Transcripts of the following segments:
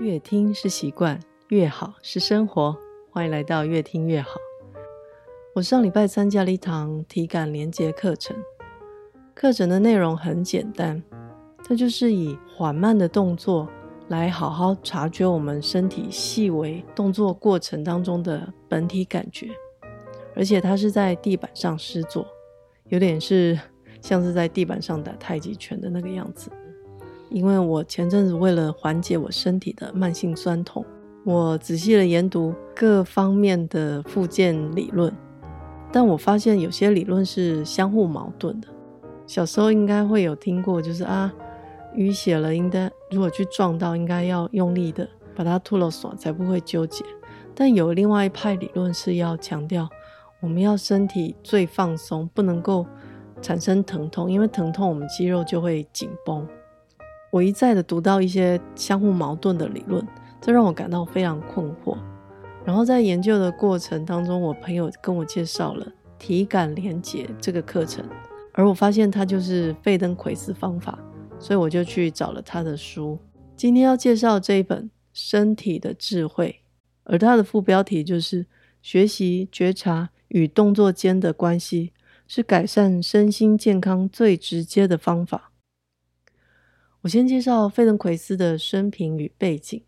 閱聽是習慣，閱好是生活。歡迎來到閱聽閱好。我上禮拜參加了一堂體感連結課程，課程的內容很簡單，它就是以緩慢的動作來好好察覺我們身體細微動作過程當中的本體感覺，而且它是在地板上施作，有點是像是在地板上打太極拳的那個樣子。因為我前陣子為了緩解我身體的慢性酸痛，我仔細地研讀各方面的復健理論，但我發現有些理論是相互矛盾的。小時候應該會有聽過，就是啊，淤血了，應該如果去撞到，應該要用力的把它吐了鎖，才不會糾結。但有另外一派理論是要強調，我們要身體最放鬆，不能夠產生疼痛，因為疼痛我們肌肉就會緊繃。我一再的讀到一些相互矛盾的理論，這讓我感到非常困惑。然後在研究的過程當中，我朋友跟我介紹了體感連結這個課程，而我發現它就是費登奎斯方法，所以我就去找了他的書。今天要介紹這一本《身體的智慧》，而它的副標題就是“學習覺察與動作間的關係，是改善身心健康最直接的方法”。我先介紹費登奎斯的生平與背景。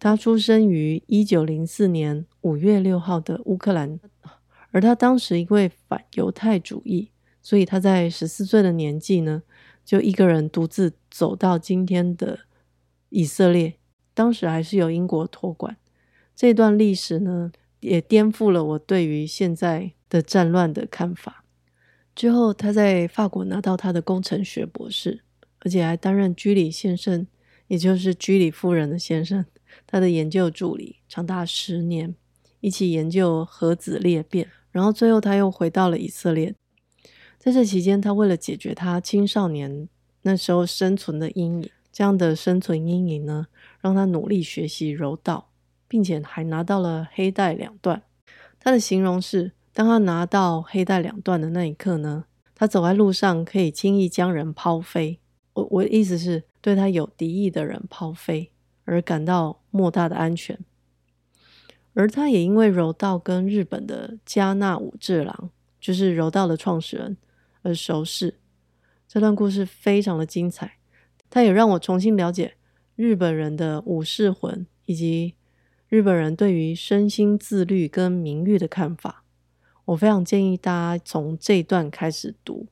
他出生於一九零四年五月六號的烏克蘭，而他當時因為反猶太主義，所以他在十四歲的年紀呢，就一個人獨自走到今天的以色列，當時還是由英國托管。這段歷史呢，也顛覆了我對於現在的戰亂的看法。之後，他在法國拿到他的工程學博士。而且還擔任居里先生，也就是居里夫人的先生，他的研究助理長達十年，一起研究核子裂變。然後最後他又回到了以色列，在這期間，他為了解決他青少年那時候生存的陰影，這樣的生存陰影呢，讓他努力學習柔道，並且還拿到了黑帶兩段。他的形容是，當他拿到黑帶兩段的那一刻呢，他走在路上可以輕易將人拋飛。我我的意思是，對他有敵意的人拋飛，而感到莫大的安全，而他也因為柔道跟日本的嘉納武志郎，就是柔道的創始人，而熟識。這段故事非常的精彩，他也讓我重新了解日本人的武士魂，以及日本人對於身心自律跟名譽的看法。我非常建議大家從這一段開始讀。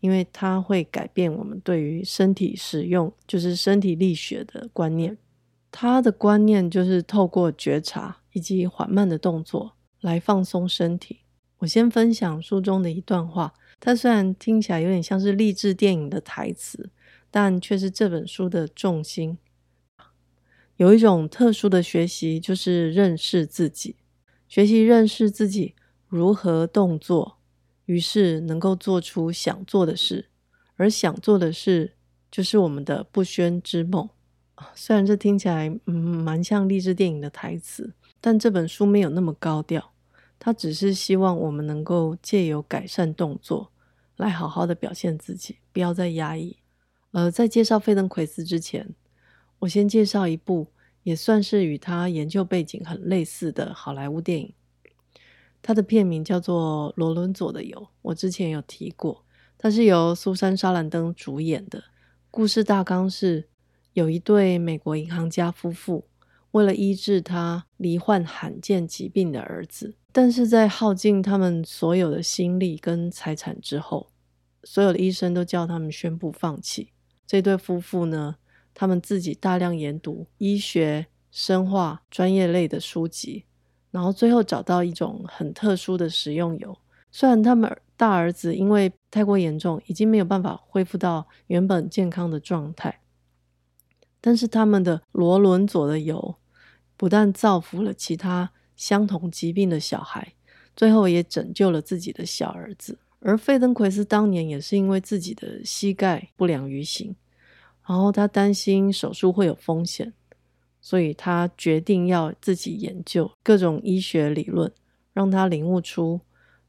因為它會改變我們對於身體使用，就是身體力學的觀念。他的觀念就是透過覺察以及緩慢的動作來放鬆身體。我先分享書中的一段話，它雖然聽起來有點像是勵志電影的台詞，但卻是這本書的重心。有一種特殊的學習就是認識自己，學習認識自己如何動作，於是能夠做出想做的事，而想做的事就是我們的不宣之夢。啊，雖然這聽起來嗯蠻像勵志電影的台詞，但這本書沒有那麼高調。他只是希望我們能夠借由改善動作，來好好的表現自己，不要再壓抑。呃，在介紹費登奎斯之前，我先介紹一部也算是與他研究背景很類似的好萊塢電影。他的片名叫做《羅倫佐的油》，我之前有提過，他是由蘇珊·莎蘭登主演的。故事大綱是：有一對美國銀行家夫婦，為了醫治他罹患罕見疾病的兒子，但是在耗盡他們所有的心力跟財產之後，所有的醫生都叫他們宣布放棄。這對夫婦呢，他們自己大量研讀醫學、生化專業類的書籍。然後最後找到一種很特殊的食用油，雖然他們大兒子因為太過嚴重，已經沒有辦法恢復到原本健康的狀態，但是他們的羅倫佐的油不但造福了其他相同疾病的小孩，最後也拯救了自己的小兒子。而費登奎斯當年也是因為自己的膝蓋不良於行，然後他擔心手術會有風險。所以他決定要自己研究各種醫學理論，讓他領悟出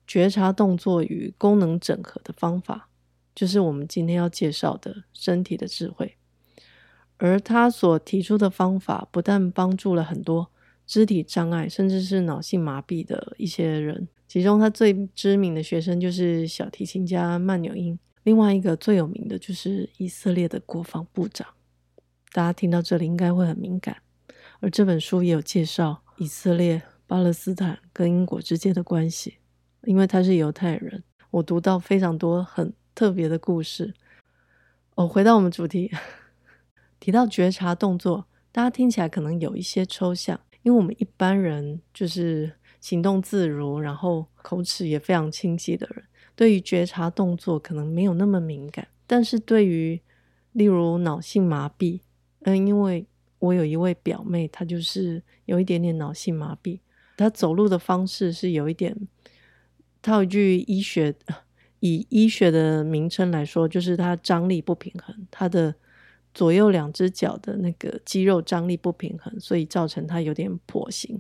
覺察動作與功能整合的方法，就是我們今天要介紹的身體的智慧。而他所提出的方法，不但幫助了很多肢體障礙，甚至是腦性麻痹的一些人。其中，他最知名的學生就是小提琴家曼紐因，另外一個最有名的就是以色列的國防部長。大家聽到這裡應該會很敏感，而這本書也有介紹以色列、巴勒斯坦跟英國之間的關係，因為他是猶太人，我讀到非常多很特別的故事。哦，回到我們主題， 提到覺察動作，大家聽起來可能有一些抽象，因為我們一般人就是行動自如，然後口齒也非常清晰的人，對於覺察動作可能沒有那麼敏感，但是對於例如腦性麻痹。嗯，因為我有一位表妹，她就是有一點點腦性麻痹。她走路的方式是有一點，他有一句醫學以醫學的名稱來說，就是他張力不平衡，他的左右兩隻腳的那個肌肉張力不平衡，所以造成他有點跛行。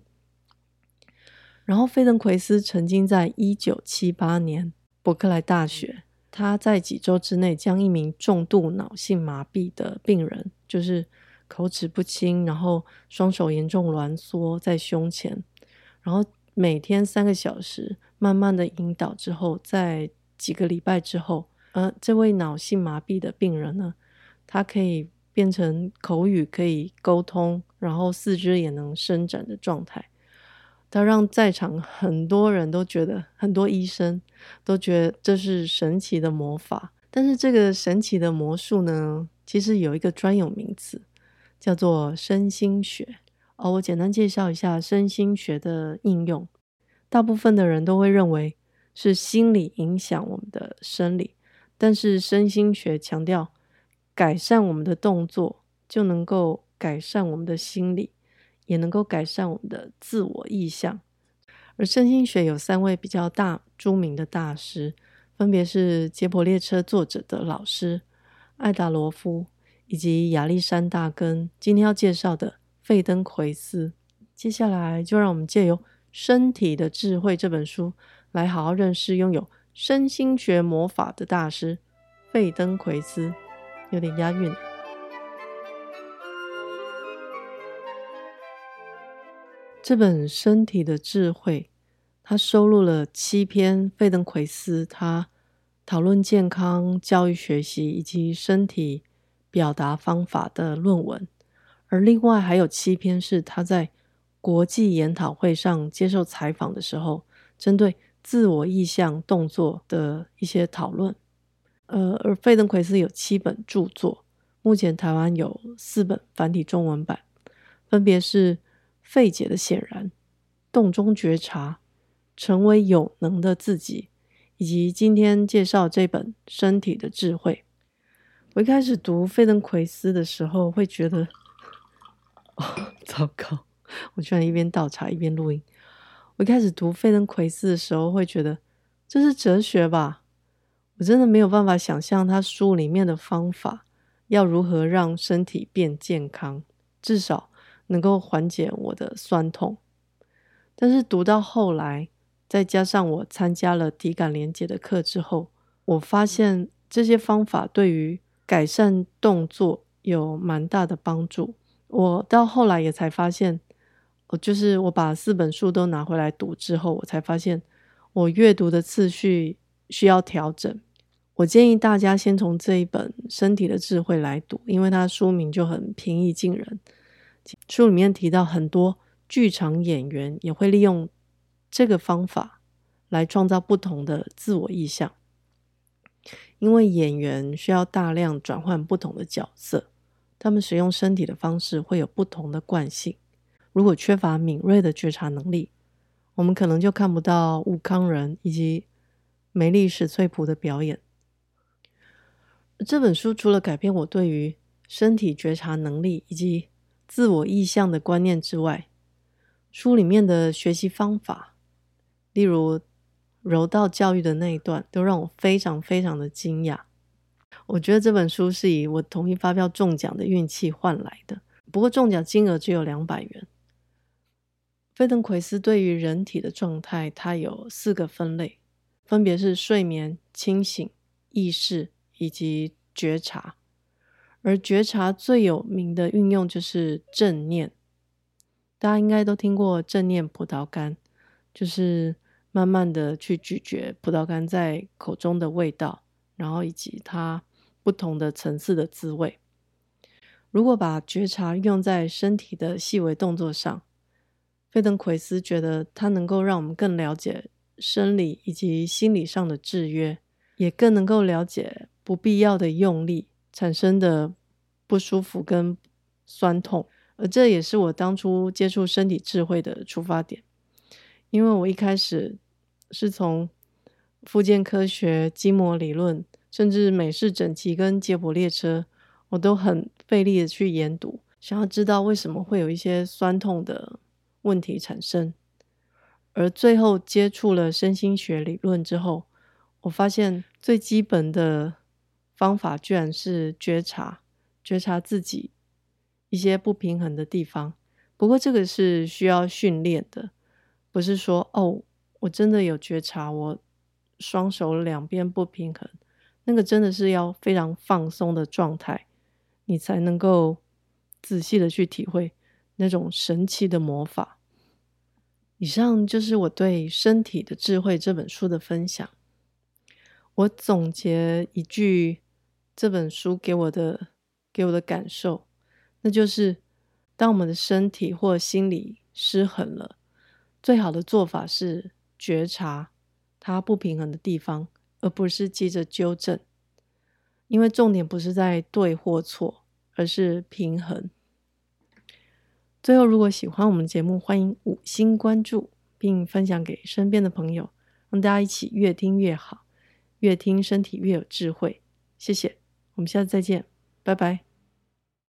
然後，費登奎斯曾經在一九七八年，柏克萊大學。他在幾週之內將一名重度腦性麻痹的病人，就是口齒不清，然後雙手嚴重攣縮在胸前，然後每天三個小時慢慢的引導之後，在幾個禮拜之後，呃，這位腦性麻痹的病人呢，他可以變成口語可以溝通，然後四肢也能伸展的狀態。它讓在場很多人都覺得，很多醫生都覺得這是神奇的魔法。但是這個神奇的魔術呢，其實有一個專有名詞，叫做身心學。哦，我簡單介紹一下身心學的應用。大部分的人都會認為是心理影響我們的生理，但是身心學強調，改善我們的動作就能夠改善我們的心理。也能夠改善我們的自我意象，而身心學有三位比較大著名的大師，分別是《杰普列車》作者的老師艾達羅夫以及亞歷山大根。今天要介紹的費登奎斯，接下來就讓我們借由《身體的智慧》這本書來好好認識擁有身心學魔法的大師費登奎斯，有點押韻。這本《身體的智慧》，他收錄了七篇費登奎斯他討論健康、教育、學習以及身體表達方法的論文，而另外還有七篇是他在國際研討會上接受採訪的時候，針對自我意向動作的一些討論。呃，而費登奎斯有七本著作，目前台灣有四本繁體中文版，分別是。費解的顯然動中覺察、成為有能的自己，以及今天介紹這本《身體的智慧》。我一開始讀費登奎斯的時候，會覺得，哦，糟糕！我居然一邊倒茶一邊錄音。我一開始讀費登奎斯的時候，會覺得這是哲學吧？我真的沒有辦法想象他書裡面的方法要如何讓身體變健康，至少。能夠緩解我的酸痛，但是讀到後來，再加上我參加了體感連結的課之後，我發現這些方法對於改善動作有蠻大的幫助。我到後來也才發現，我就是我把四本書都拿回來讀之後，我才發現我閱讀的次序需要調整。我建議大家先從這一本《身體的智慧》來讀，因為它的書名就很平易近人。書裡面提到，很多劇場演員也會利用這個方法來創造不同的自我意象，因為演員需要大量轉換不同的角色，他們使用身體的方式會有不同的慣性。如果缺乏敏銳的覺察能力，我們可能就看不到吳慷仁以及梅莉史翠普的表演。這本書除了改變我對於身體覺察能力以及自我意象的觀念之外，書裡面的學習方法，例如柔道教育的那一段，都讓我非常非常的驚訝。我覺得這本書是以我統一發票中獎的運氣換來的，不過中獎金額只有兩百元。費登奎斯對於人體的狀態，它有四個分類，分別是睡眠、清醒、意識以及覺察。而覺察最有名的運用就是正念，大家應該都聽過正念葡萄乾，就是慢慢的去咀嚼葡萄乾在口中的味道，然後以及它不同的層次的滋味。如果把覺察用在身體的細微動作上，費登奎斯覺得它能夠讓我們更了解生理以及心理上的制約，也更能夠了解不必要的用力。產生的不舒服跟痠痛，而這也是我當初接觸身體智慧的出發點。因為我一開始是從復健科學、筋膜理論，甚至美式整齊跟接駁列車，我都很費力的去研讀，想要知道為什麼會有一些痠痛的問題產生。而最後接觸了身心學理論之後，我發現最基本的。方法居然是覺察，覺察自己一些不平衡的地方。不過這個是需要訓練的，不是說哦，我真的有覺察我雙手兩邊不平衡，那個真的是要非常放鬆的狀態，你才能夠仔細的去體會那種神奇的魔法。以上就是我對《身體的智慧》這本書的分享。我總結一句。這本書給我的給我的感受，那就是當我們的身體或心理失衡了，最好的做法是覺察它不平衡的地方，而不是急着糾正。因為重點不是在對或錯，而是平衡。最後，如果喜歡我們的節目，歡迎五星關注，並分享給身邊的朋友，讓大家一起越聽越好，越聽身體越有智慧。謝謝。我們下次再見，拜拜。